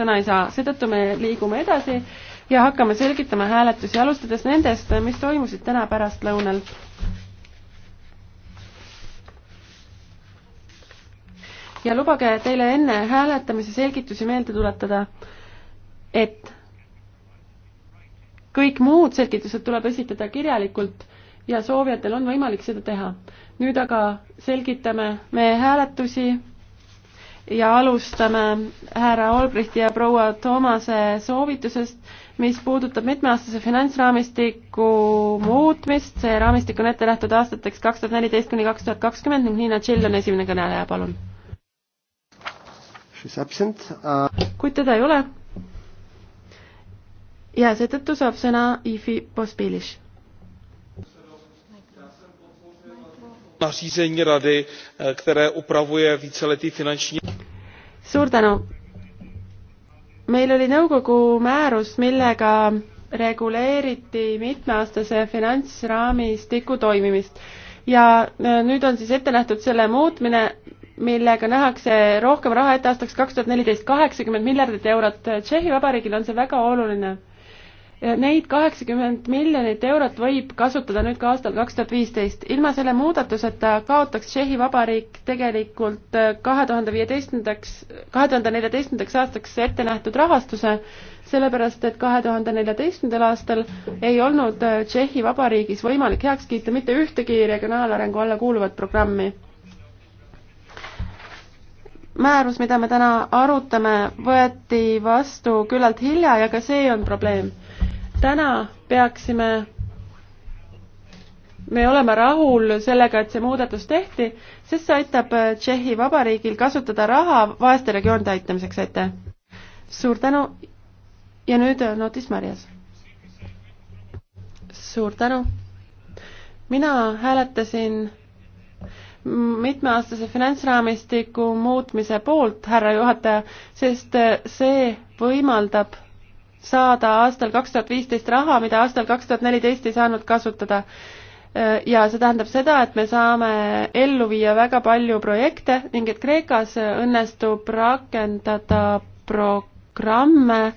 sõna ei saa, seetõttu me liigume edasi ja hakkame selgitama hääletusi, alustades nendest, mis toimusid täna pärastlõunal. ja lubage teile enne hääletamise selgitusi meelde tuletada, et kõik muud selgitused tuleb esitada kirjalikult ja soovijatel on võimalik seda teha. nüüd aga selgitame me hääletusi ja alustame härra Olbrichti ja proua Toomase soovitusest, mis puudutab mitmeaastase finantsraamistiku muutmist, see raamistik on ette nähtud aastateks kaks tuhat neliteist kuni kaks tuhat kakskümmend ning Niina Chill on esimene kõneleja, palun. Uh, kuid teda ei ole. ja seetõttu saab sõna Ifi Pospilis. nařízení rady, eh, které upravuje víceletý finanční suur tänu! meil oli nõukogu määrus, millega reguleeriti mitmeaastase finantsraamistiku toimimist ja äh, nüüd on siis ette nähtud selle muutmine, millega nähakse rohkem raha ette aastaks kaks tuhat neliteist, kaheksakümmend miljardit eurot. Tšehhi Vabariigil on see väga oluline Neid kaheksakümmend miljonit eurot võib kasutada nüüd ka aastal kaks tuhat viisteist. ilma selle muudatuseta kaotaks Tšehhi Vabariik tegelikult äh, kahe tuhande viieteistkümnendaks, kahe tuhande neljateistkümnendaks aastaks ette nähtud rahastuse, sellepärast et kahe tuhande neljateistkümnendal aastal ei olnud äh, Tšehhi Vabariigis võimalik heaks kiita mitte ühtegi regionaalarengu alla kuuluvat programmi määrus, mida me täna arutame, võeti vastu küllalt hilja ja ka see on probleem täna peaksime me oleme rahul sellega, et see muudatus tehti, sest see aitab Tšehhi Vabariigil kasutada raha vaeste regioonide aitamiseks, aitäh! suur tänu ja nüüd äh, Notis Marjas. suur tänu! mina hääletasin mitmeaastase finantsraamistiku muutmise poolt, härra juhataja, sest äh, see võimaldab saada aastal kaks tuhat viisteist raha, mida aastal kaks tuhat neliteist ei saanud kasutada. ja see tähendab seda, et me saame ellu viia väga palju projekte ning et Kreekas õnnestub rakendada programme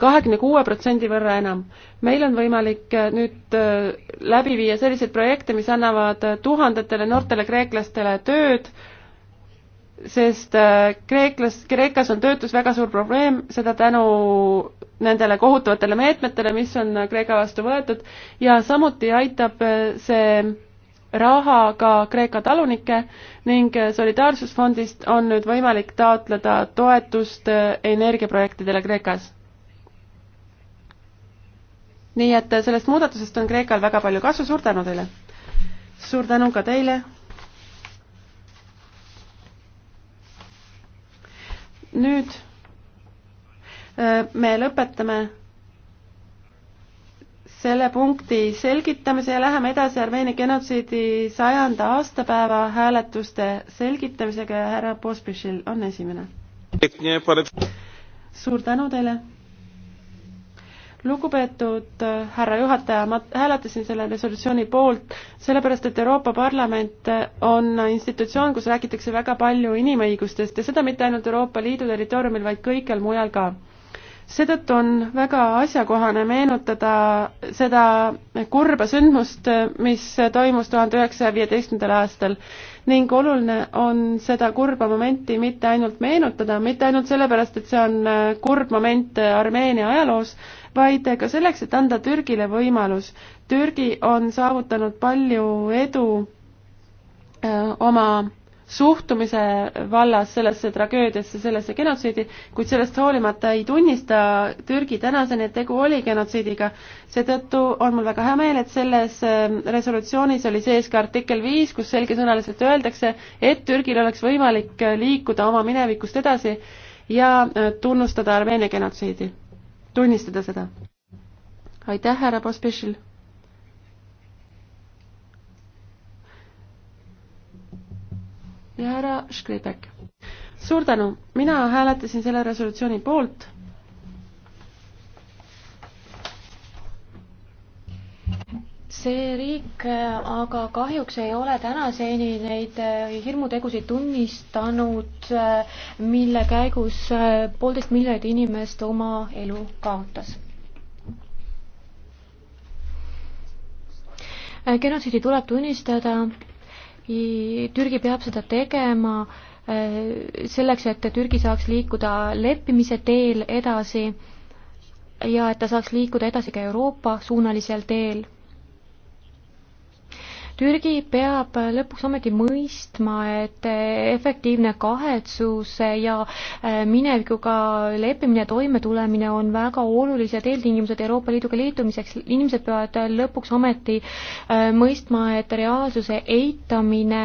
kahekümne kuue protsendi võrra enam. meil on võimalik nüüd äh, läbi viia selliseid projekte, mis annavad tuhandetele noortele kreeklastele tööd, sest äh, kreeklas, Kreekas on töötus väga suur probleem, seda tänu nendele kohutavatele meetmetele, mis on Kreeka vastu võetud ja samuti aitab äh, see raha ka Kreeka talunikke ning äh, Solidaarsusfondist on nüüd võimalik taotleda toetust energiaprojektidele Kreekas. nii et sellest muudatusest on Kreekal väga palju kasu, suur tänu teile! suur tänu ka teile! nüüd äh, me lõpetame selle punkti selgitamise ja läheme edasi Armeenia genotsiidi sajanda aastapäeva hääletuste selgitamisega ja härra Pospišil on esimene. suur tänu teile! lugupeetud äh, härra juhataja, ma hääletasin selle resolutsiooni poolt, sellepärast et Euroopa Parlament äh, on institutsioon, kus räägitakse väga palju inimõigustest ja seda mitte ainult Euroopa Liidu territooriumil, vaid kõikjal mujal ka. seetõttu on väga asjakohane meenutada seda kurba sündmust, äh, mis toimus tuhande üheksasaja viieteistkümnendal aastal ning oluline on seda kurba momenti mitte ainult meenutada, mitte ainult sellepärast, et see on kurb moment Armeenia ajaloos, vaid ka selleks, et anda Türgile võimalus. Türgi on saavutanud palju edu äh, oma suhtumise vallas sellesse tragöödiasse, sellesse genotsiidi, kuid sellest hoolimata ei tunnista Türgi tänaseni, et tegu oli genotsiidiga. seetõttu on mul väga hea meel, et selles äh, resolutsioonis oli sees ka artikkel viis, kus selgesõnaliselt öeldakse, et Türgil oleks võimalik äh, liikuda oma minevikust edasi ja tunnustada Armeenia genotsiidi tunnistada seda. aitäh, härra Pospešil. ja härra Škripek. suur tänu, mina hääletasin selle resolutsiooni poolt see riik äh, aga kahjuks ei ole tänaseni neid äh, hirmutegusid tunnistanud, äh, mille käigus poolteist miljonit inimest oma elu kaotas genotsiidi tuleb tunnistada, Türgi peab seda tegema selleks, et Türgi saaks liikuda leppimise teel edasi ja et ta saaks liikuda edasi ka Euroopa suunalisel teel Türgi peab lõpuks ometi mõistma, et efektiivne kahetsus ja äh, minevikuga leppimine, toimetulemine on väga olulised eeltingimused Euroopa Liiduga liitumiseks. inimesed peavad lõpuks ometi äh, mõistma, et reaalsuse eitamine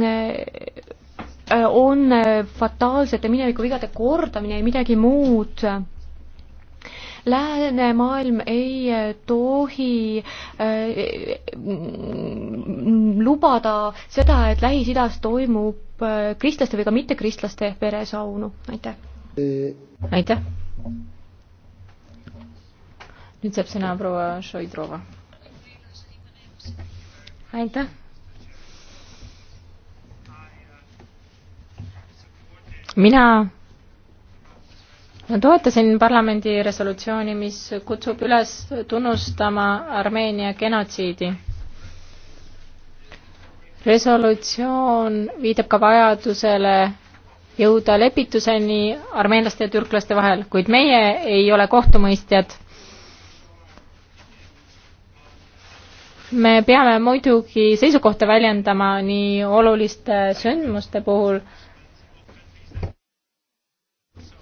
äh, on fataalsete minevikuvigade kordamine ja midagi muud läänemaailm ei äh, tohi äh, lubada seda, et Lähis-Idas toimub äh, kristlaste või ka mittekristlaste veresaunu, aitäh. aitäh. nüüd saab sõna proua Šoidrova. aitäh mina toetasin parlamendi resolutsiooni, mis kutsub üles tunnustama Armeenia genotsiidi. resolutsioon viitab ka vajadusele jõuda lepituseni armeenlaste ja türklaste vahel, kuid meie ei ole kohtumõistjad. me peame muidugi seisukohta väljendama nii oluliste sündmuste puhul,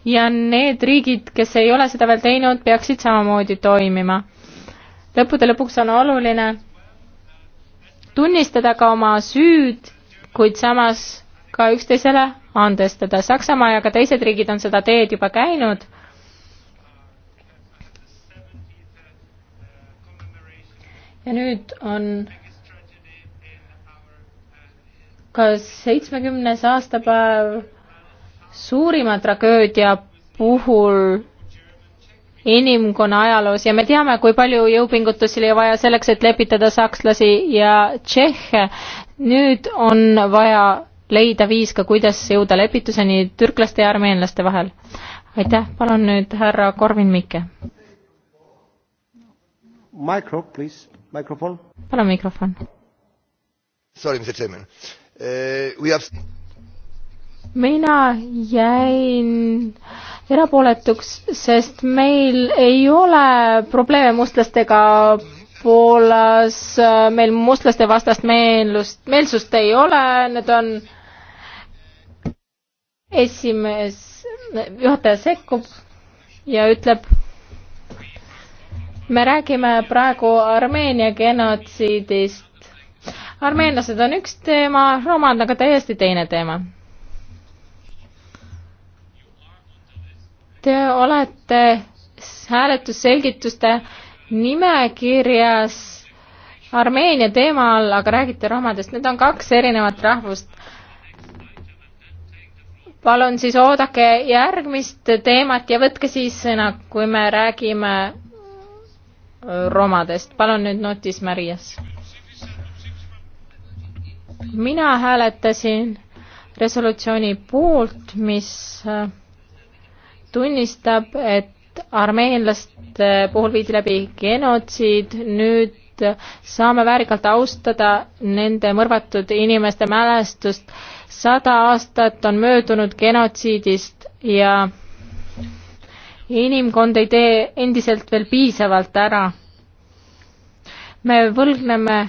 ja need riigid, kes ei ole seda veel teinud, peaksid samamoodi toimima. lõppude lõpuks on oluline tunnistada ka oma süüd, kuid samas ka üksteisele andestada. Saksamaa ja ka teised riigid on seda teed juba käinud. ja nüüd on ka seitsmekümnes aastapäev suurima tragöödia puhul inimkonna ajaloos ja me teame, kui palju jõupingutusi oli vaja selleks, et lepitada sakslasi ja tšehhe. nüüd on vaja leida viis ka, kuidas jõuda lepituseni türklaste ja armeenlaste vahel. aitäh, palun nüüd härra Korvin Mikke. Micro, please, mikrofon. palun mikrofon. Sorry, Mr Chairman uh,. We have mina jäin erapooletuks, sest meil ei ole probleeme mustlastega Poolas, meil mustlaste vastast meelust, meelsust ei ole, need on esimees, juhataja sekkub ja ütleb, me räägime praegu Armeenia genotsiidist. armeenlased on üks teema, romaad on aga täiesti teine teema Te olete hääletusselgituste nimekirjas Armeenia teemal, aga räägite romadest, need on kaks erinevat rahvust. palun siis oodake järgmist teemat ja võtke siis sõna, kui me räägime romadest. palun nüüd notis Marias. mina hääletasin resolutsiooni poolt, mis äh, tunnistab, et armeenlaste puhul viidi läbi genotsiid, nüüd saame väärikalt austada nende mõrvatud inimeste mälestust. sada aastat on möödunud genotsiidist ja inimkond ei tee endiselt veel piisavalt ära. me võlgneme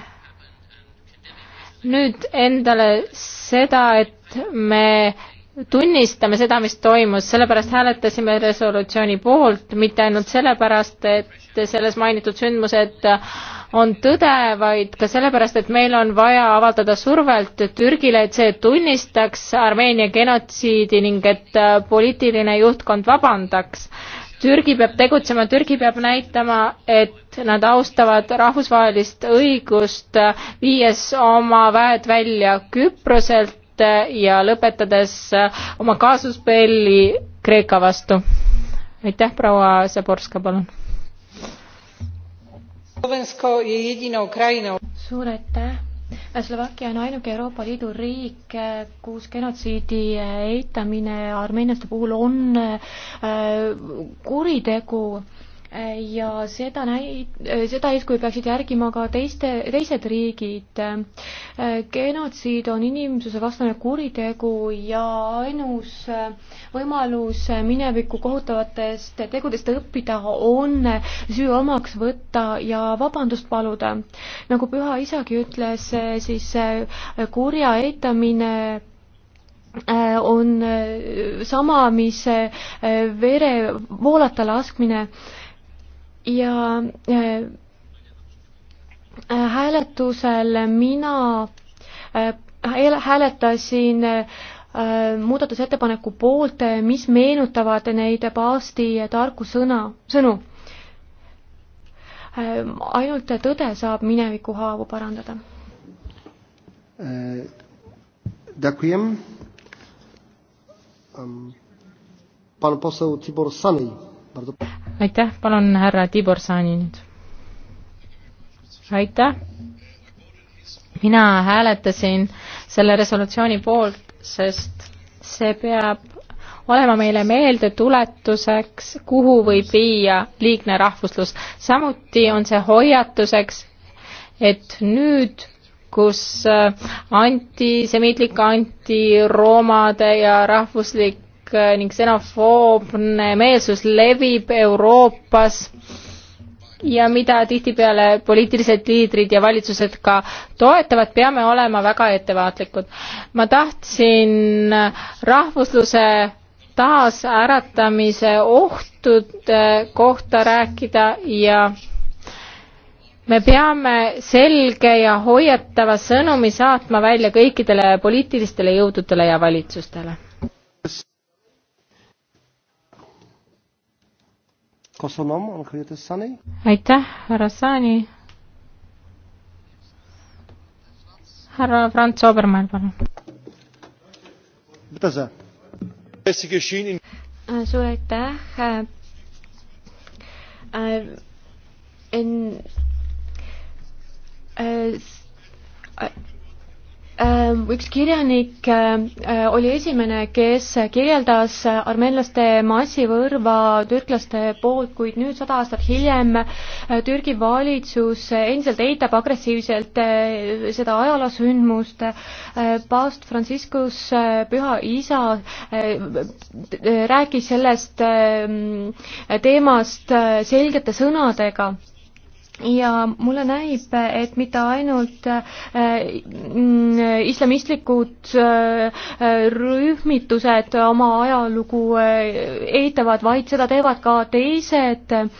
nüüd endale seda, et me tunnistame seda, mis toimus, sellepärast hääletasime resolutsiooni poolt, mitte ainult sellepärast, et selles mainitud sündmused on tõde, vaid ka sellepärast, et meil on vaja avaldada survelt Türgile, et see tunnistaks Armeenia genotsiidi ning et poliitiline juhtkond vabandaks. Türgi peab tegutsema, Türgi peab näitama, et nad austavad rahvusvahelist õigust, viies oma väed välja Küproselt ja lõpetades oma kaasuspelli Kreeka vastu. aitäh, proua Zaborska, palun. suur aitäh. Slovakkia on ainuke Euroopa Liidu riik, kus genotsiidi eitamine armeenlaste puhul on äh, kuritegu äh, ja seda näi-, seda eeskuju peaksid järgima ka teiste, teised riigid. genotsiid on inimsusevastane kuritegu ja ainus võimalus mineviku kohutavatest tegudest õppida on süü omaks võtta ja vabandust paluda. nagu püha isagi ütles, siis kurja eitamine äh, on sama, mis äh, vere voolata laskmine ja äh, äh, hääletusel mina äh, hääletasin muudatusettepaneku poolt, mis meenutavad neid paavsti tarku sõna, sõnu. ainult tõde saab mineviku haavu parandada. Dakujem. Ähm, pan poseł Tibor Sanej. Bardzo proszę aitäh, palun härra Tibor Saani nüüd. aitäh. mina hääletasin selle resolutsiooni poolt, sest see peab olema meile meeldetuletuseks, kuhu võib viia liigne rahvuslus. samuti on see hoiatuseks, et nüüd kus äh, antisemiitlik, antiroomade ja rahvuslik Äh, ning ksenofoobne meelsus levib Euroopas ja mida tihtipeale poliitilised liidrid ja valitsused ka toetavad, peame olema väga ettevaatlikud. ma tahtsin rahvusluse taasäratamise ohtude kohta rääkida ja me peame selge ja hoiatava sõnumi saatma välja kõikidele poliitilistele jõududele ja valitsustele aitäh, härra Sani. härra Franz Obermann, palun. suur aitäh äh, äh en, äh, Ähm, üks kirjanik äh, oli esimene, kes kirjeldas äh, armeenlaste massivõrva türklaste poolt, kuid nüüd sada aastat hiljem äh, Türgi valitsus endiselt eitab agressiivselt seda ajaloosündmust. paavst Franciscus, püha isa, rääkis sellest ähm, teemast selgete sõnadega ja mulle näib, et mitte ainult äh, mm, islamistlikud äh, rühmitused oma ajalugu äh, eitavad, vaid seda teevad ka teised äh,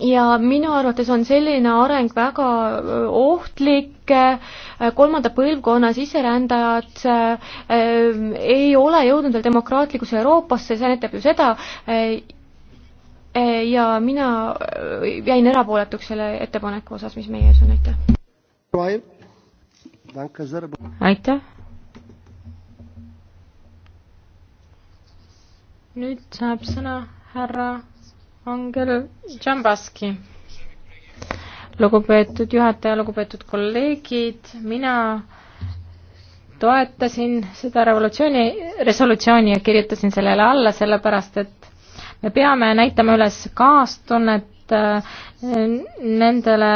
ja minu arvates on selline areng väga ohtlik, kolmanda põlvkonna sisserändajad ei ole jõudnud veel demokraatlikusse Euroopasse, see näitab ju seda, ja mina jäin erapooletuks selle ettepaneku osas, mis meie ees on, aitäh. aitäh. nüüd saab sõna härra Angel Džambaski. lugupeetud juhataja, lugupeetud kolleegid, mina toetasin seda revolutsiooni, resolutsiooni ja kirjutasin sellele alla, sellepärast et me peame näitama üles kaastunnet äh, nendele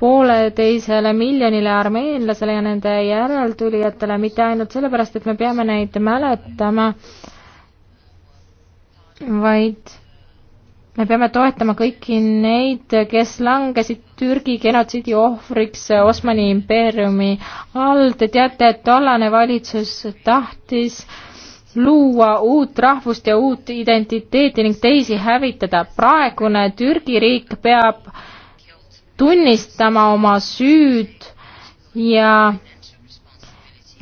pooleteisele miljonile armeenlasele ja nende järeltulijatele, mitte ainult sellepärast, et me peame neid mäletama, vaid me peame toetama kõiki neid, kes langesid Türgi genotsiidi ohvriks Osmani impeeriumi all. Te teate, et tollane valitsus tahtis luua uut rahvust ja uut identiteeti ning teisi hävitada. praegune Türgi riik peab tunnistama oma süüd ja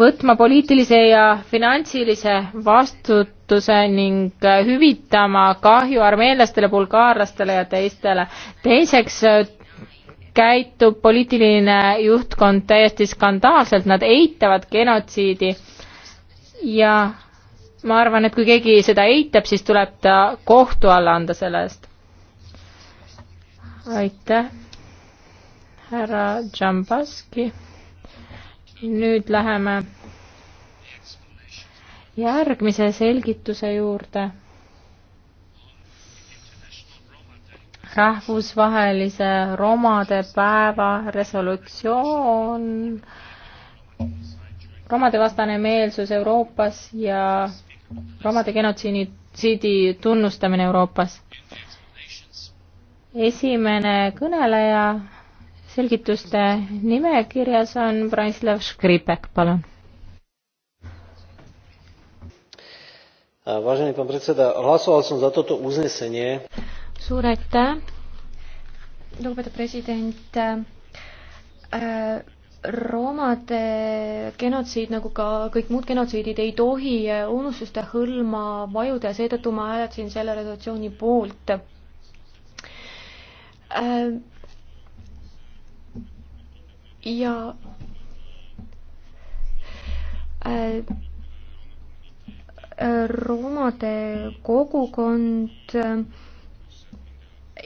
võtma poliitilise ja finantsilise vastutuse ning äh, hüvitama kahju armeenlastele, bulgaarlastele ja teistele. teiseks äh, käitub poliitiline juhtkond täiesti skandaalselt, nad eitavad genotsiidi ja ma arvan, et kui keegi seda eitab, siis tuleb ta kohtu alla anda selle eest. aitäh, härra Džambaski nüüd läheme järgmise selgituse juurde. rahvusvahelise romade päeva resolutsioon, romade vastane meelsus Euroopas ja romade genotsiidi tunnustamine Euroopas. esimene kõneleja selgituste nimekirjas on Branislav Škripek, palun. Vážený pán predseda, hlasoval som za toto uznesenie. Suur aitäh, lugupeetud president äh,. Roomade genotsiid nagu ka kõik muud genotsiidid ei tohi unustuste hõlma vajuda ja seetõttu ma hääletasin selle resolutsiooni poolt äh, ja äh, roomade kogukond äh,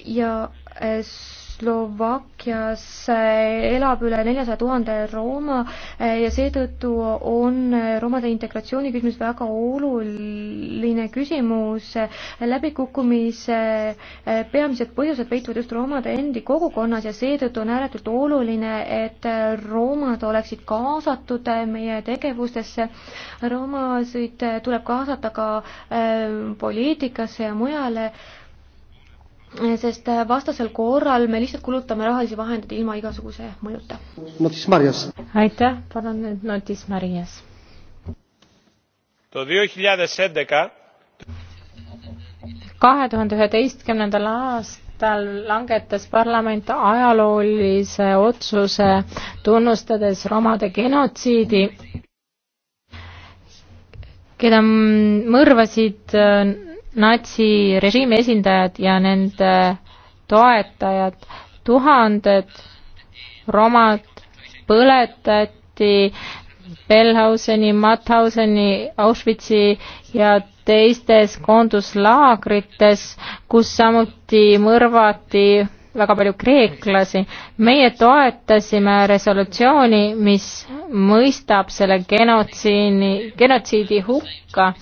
ja äh, Slovakkias eh, elab üle neljasaja tuhande Rooma eh, ja seetõttu on romade integratsiooni küsimus väga oluline küsimus. läbikukkumise eh, peamised põhjused peituvad just romade endi kogukonnas ja seetõttu on ääretult oluline, et romad oleksid kaasatud meie tegevustesse. romasid tuleb kaasata ka poliitikasse ja mujale sest vastasel korral me lihtsalt kulutame rahalisi vahendeid ilma igasuguse mõjuta. aitäh, palun nüüd Notis Marias. kahe tuhande üheteistkümnendal aastal langetas parlament ajaloolise otsuse, tunnustades romade genotsiidi, keda mõrvasid äh, natsirežiimi esindajad ja nende toetajad. tuhanded romad põletati Belhauseni, Mauthauseni, Auschwitzi ja teistes koonduslaagrites, kus samuti mõrvati väga palju kreeklasi. meie toetasime resolutsiooni, mis mõistab selle genotsiini, genotsiidi hukka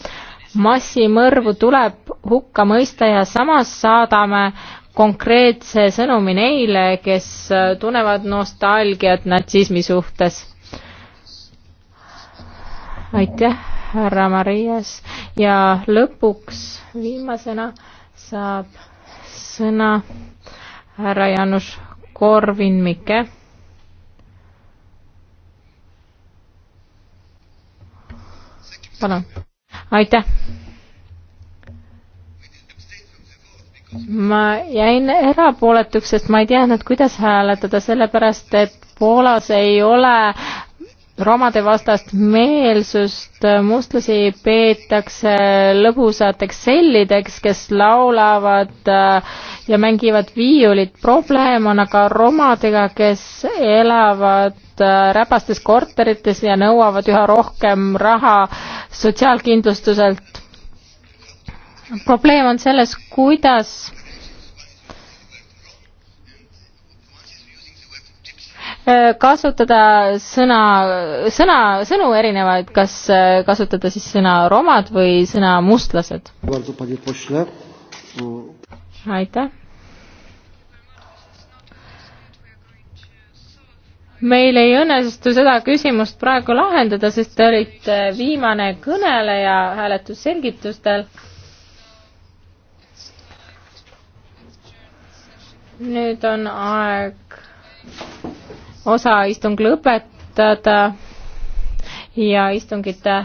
massimõrvu tuleb hukka mõista ja samas saadame konkreetse sõnumi neile, kes äh, tunnevad nostalgiat natsismi suhtes. aitäh, härra Marias ja lõpuks viimasena saab sõna härra Jaanus Korvin-Mikke. palun aitäh. ma jäin erapooletuks, sest ma ei teadnud, kuidas hääletada, sellepärast et Poolas ei ole romade vastast meelsust, mustlasi peetakse lõbusateks sellideks, kes laulavad äh, ja mängivad viiulit. probleem on aga romadega, kes elavad Äh, räpastes korterites ja nõuavad üha rohkem raha sotsiaalkindlustuselt. probleem on selles, kuidas äh, kasutada sõna, sõna, sõnu erinevaid, kas äh, kasutada siis sõna romad või sõna mustlased? aitäh meil ei õnnestu seda küsimust praegu lahendada, sest te olite viimane kõneleja hääletusselgitustel. nüüd on aeg osa istung lõpetada ja istungite